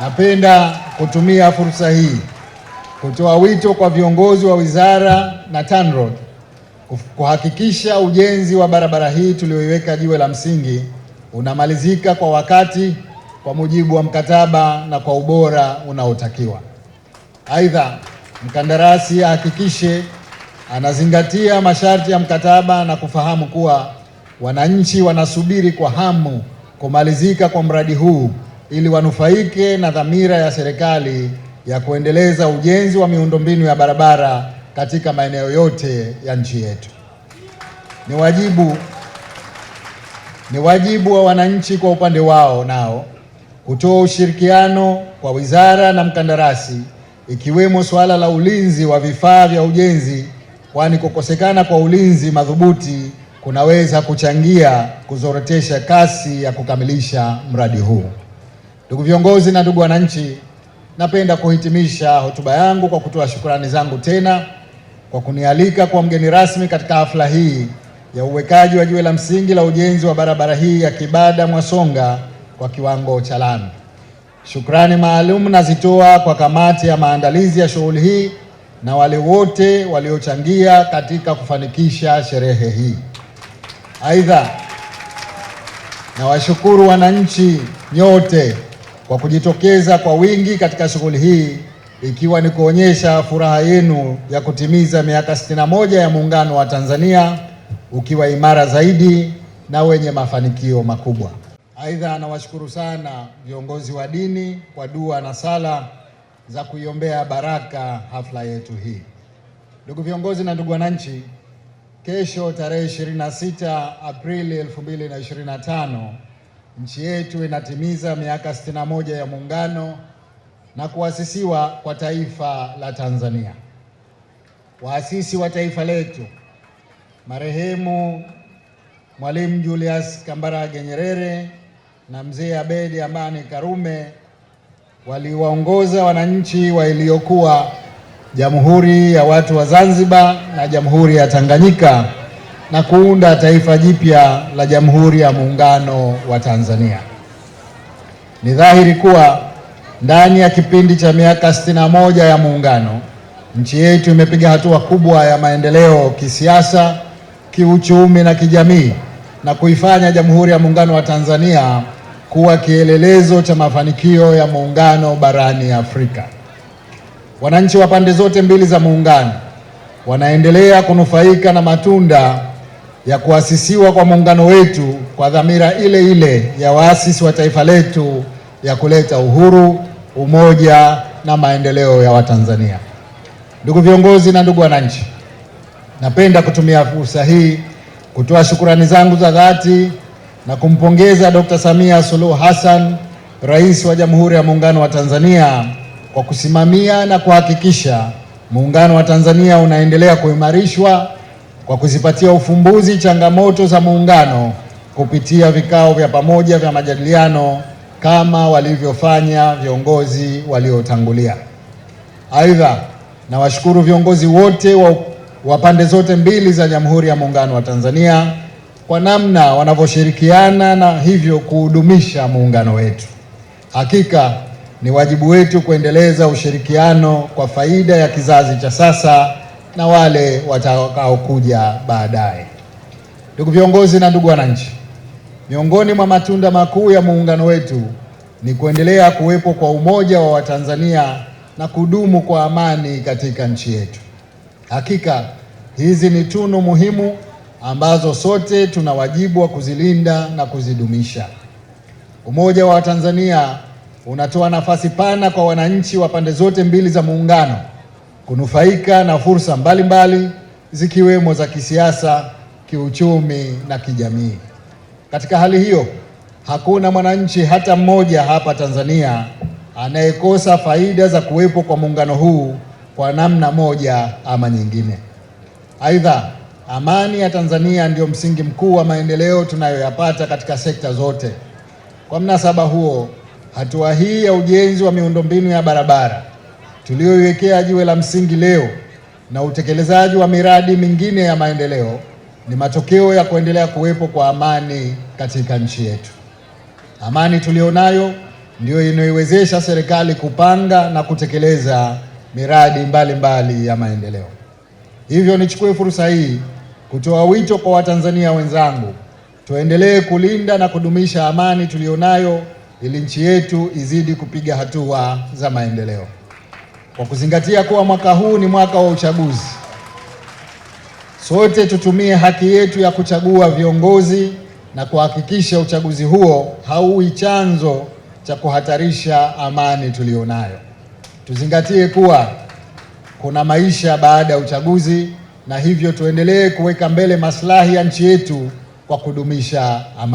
Napenda kutumia fursa hii kutoa wito kwa viongozi wa wizara na TANROAD kuhakikisha ujenzi wa barabara hii tulioiweka jiwe la msingi unamalizika kwa wakati, kwa mujibu wa mkataba na kwa ubora unaotakiwa. Aidha, mkandarasi ahakikishe anazingatia masharti ya mkataba na kufahamu kuwa wananchi wanasubiri kwa hamu kumalizika kwa mradi huu ili wanufaike na dhamira ya serikali ya kuendeleza ujenzi wa miundombinu ya barabara katika maeneo yote ya nchi yetu. Ni wajibu ni wajibu wa wananchi kwa upande wao nao kutoa ushirikiano kwa wizara na mkandarasi, ikiwemo suala la ulinzi wa vifaa vya ujenzi, kwani kukosekana kwa ulinzi madhubuti kunaweza kuchangia kuzorotesha kasi ya kukamilisha mradi huu. Ndugu viongozi na ndugu wananchi, napenda kuhitimisha hotuba yangu kwa kutoa shukrani zangu tena kwa kunialika kwa mgeni rasmi katika hafla hii ya uwekaji wa jiwe la msingi la ujenzi wa barabara hii ya Kibada Mwasonga kwa kiwango cha lami. Shukrani maalum nazitoa kwa kamati ya maandalizi ya shughuli hii na wale wote waliochangia katika kufanikisha sherehe hii. Aidha, nawashukuru wananchi nyote kwa kujitokeza kwa wingi katika shughuli hii ikiwa ni kuonyesha furaha yenu ya kutimiza miaka 61 ya Muungano wa Tanzania ukiwa imara zaidi na wenye mafanikio makubwa. Aidha, nawashukuru sana viongozi wa dini kwa dua na sala za kuiombea baraka hafla yetu hii. Ndugu viongozi na ndugu wananchi, kesho tarehe 26 Aprili 2025 nchi yetu inatimiza miaka 61 ya Muungano na kuasisiwa kwa taifa la Tanzania. Waasisi wa taifa letu marehemu Mwalimu Julius Kambarage Nyerere na Mzee Abedi Amani Karume waliwaongoza wananchi wa iliyokuwa Jamhuri ya Watu wa Zanzibar na Jamhuri ya Tanganyika na kuunda taifa jipya la Jamhuri ya Muungano wa Tanzania. Ni dhahiri kuwa ndani ya kipindi cha miaka sitini na moja ya Muungano, nchi yetu imepiga hatua kubwa ya maendeleo kisiasa, kiuchumi na kijamii na kuifanya Jamhuri ya Muungano wa Tanzania kuwa kielelezo cha mafanikio ya muungano barani Afrika. Wananchi wa pande zote mbili za muungano wanaendelea kunufaika na matunda ya kuasisiwa kwa muungano wetu kwa dhamira ile ile ya waasisi wa taifa letu ya kuleta uhuru, umoja na maendeleo ya Watanzania. Ndugu viongozi na ndugu wananchi, napenda kutumia fursa hii kutoa shukurani zangu za dhati na kumpongeza Dkt. Samia Suluhu Hassan, Rais wa Jamhuri ya Muungano wa Tanzania kwa kusimamia na kuhakikisha muungano wa Tanzania unaendelea kuimarishwa kwa kuzipatia ufumbuzi changamoto za muungano kupitia vikao vya pamoja vya majadiliano kama walivyofanya viongozi waliotangulia. Aidha, nawashukuru viongozi wote wa, wa pande zote mbili za Jamhuri ya Muungano wa Tanzania kwa namna wanavyoshirikiana na hivyo kuhudumisha muungano wetu. Hakika ni wajibu wetu kuendeleza ushirikiano kwa faida ya kizazi cha sasa na wale watakaokuja baadaye. Ndugu viongozi na ndugu wananchi, miongoni mwa matunda makuu ya muungano wetu ni kuendelea kuwepo kwa umoja wa Watanzania na kudumu kwa amani katika nchi yetu. Hakika hizi ni tunu muhimu ambazo sote tuna wajibu wa kuzilinda na kuzidumisha. Umoja wa Watanzania unatoa nafasi pana kwa wananchi wa pande zote mbili za muungano kunufaika na fursa mbalimbali zikiwemo za kisiasa, kiuchumi na kijamii. Katika hali hiyo, hakuna mwananchi hata mmoja hapa Tanzania anayekosa faida za kuwepo kwa muungano huu kwa namna moja ama nyingine. Aidha, amani ya Tanzania ndiyo msingi mkuu wa maendeleo tunayoyapata katika sekta zote. Kwa mnasaba huo, hatua hii ya ujenzi wa miundombinu ya barabara tuliyoiwekea jiwe la msingi leo na utekelezaji wa miradi mingine ya maendeleo ni matokeo ya kuendelea kuwepo kwa amani katika nchi yetu. Amani tuliyonayo ndiyo inayoiwezesha serikali kupanga na kutekeleza miradi mbalimbali mbali ya maendeleo. Hivyo nichukue fursa hii kutoa wito kwa Watanzania wenzangu, tuendelee kulinda na kudumisha amani tuliyonayo ili nchi yetu izidi kupiga hatua za maendeleo. Kwa kuzingatia kuwa mwaka huu ni mwaka wa uchaguzi, sote tutumie haki yetu ya kuchagua viongozi na kuhakikisha uchaguzi huo hauwi chanzo cha kuhatarisha amani tuliyonayo. Tuzingatie kuwa kuna maisha baada ya uchaguzi, na hivyo tuendelee kuweka mbele maslahi ya nchi yetu kwa kudumisha amani.